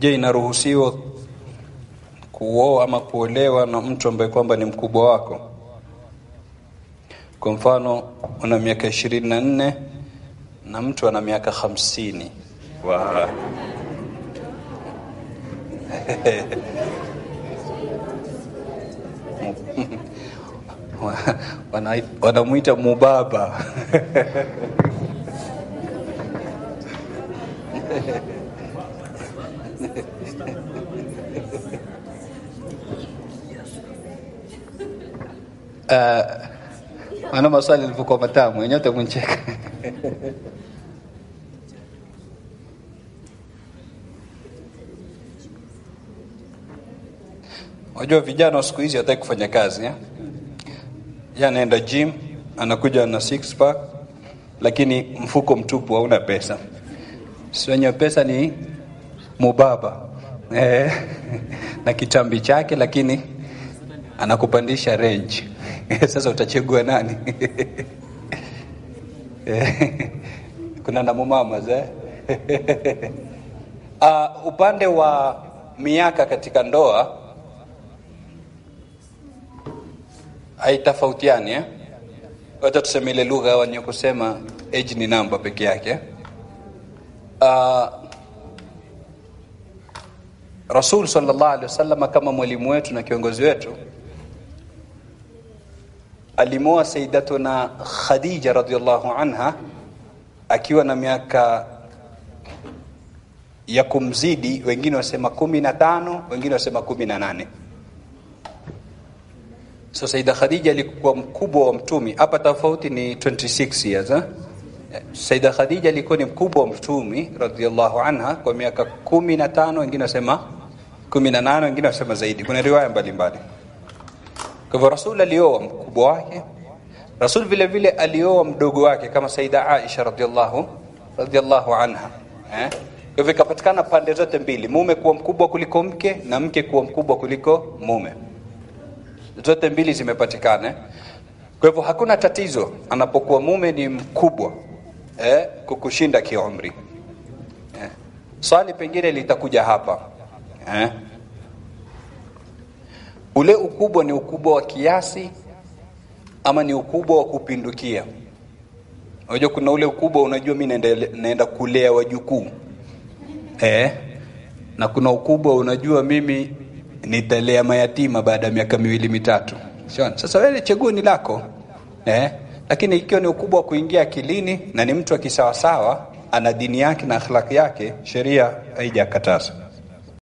Je, inaruhusiwa kuoa ama kuolewa na mtu ambaye kwamba ni mkubwa wako? Kwa mfano una miaka ishirini na nne na mtu ana miaka hamsini wow. wanamwita mubaba Uh, ana maswali alivyokuwa matamu wenyewe mwencheka. Wajua vijana wa siku hizi hataki kufanya kazi ya? Eh? Ya yaani anaenda gym anakuja na six pack, lakini mfuko mtupu, hauna pesa. Si wenye pesa ni mubaba eh, na kitambi chake, lakini anakupandisha range sasa utachagua nani? Eh, kuna na mumama eh? Uh, upande wa miaka katika ndoa haitofautiani eh? Wacha tuseme ile lugha wanayokusema age ni namba peke yake uh, Rasul sallallahu alaihi wasallam kama mwalimu wetu na kiongozi wetu alimoa Sayyidatuna Khadija radhiyallahu anha akiwa na miaka ya kumzidi, wengine wasema kumi na tano, wengine wasema kumi na nane. So Saida Khadija alikuwa mkubwa wa mtumi. Hapa tofauti ni 26 years ha? Eh? Saida Khadija alikuwa ni mkubwa wa mtumi radhiyallahu anha kwa miaka kumi na tano, wengine wasema kumi na nane wengine wasema zaidi, kuna riwaya mbalimbali. Kwa hivyo Rasul alioa mkubwa wake, Rasul vile vile alioa mdogo wake kama Saida Aisha radhiallahu radhiallahu anha eh? Kwa hivyo ikapatikana pande zote mbili, mume kuwa mkubwa kuliko mke na mke kuwa mkubwa kuliko mume. Zote mbili zimepatikana Kwa hivyo hakuna tatizo anapokuwa mume ni mkubwa eh, kukushinda kiumri eh. Swali pengine litakuja hapa eh? Ule ukubwa ni ukubwa wa kiasi ama ni ukubwa wa kupindukia? Unajua kuna ule ukubwa, unajua mimi naenda naenda kulea wajukuu eh? na kuna ukubwa, unajua mimi nitalea mayatima baada ya miaka miwili mitatu. Siona? Sasa wewe chaguo ni lako eh? Lakini ikiwa ni ukubwa wa kuingia akilini na ni mtu akisawasawa, ana dini yake na akhlaki yake, sheria haijakataza.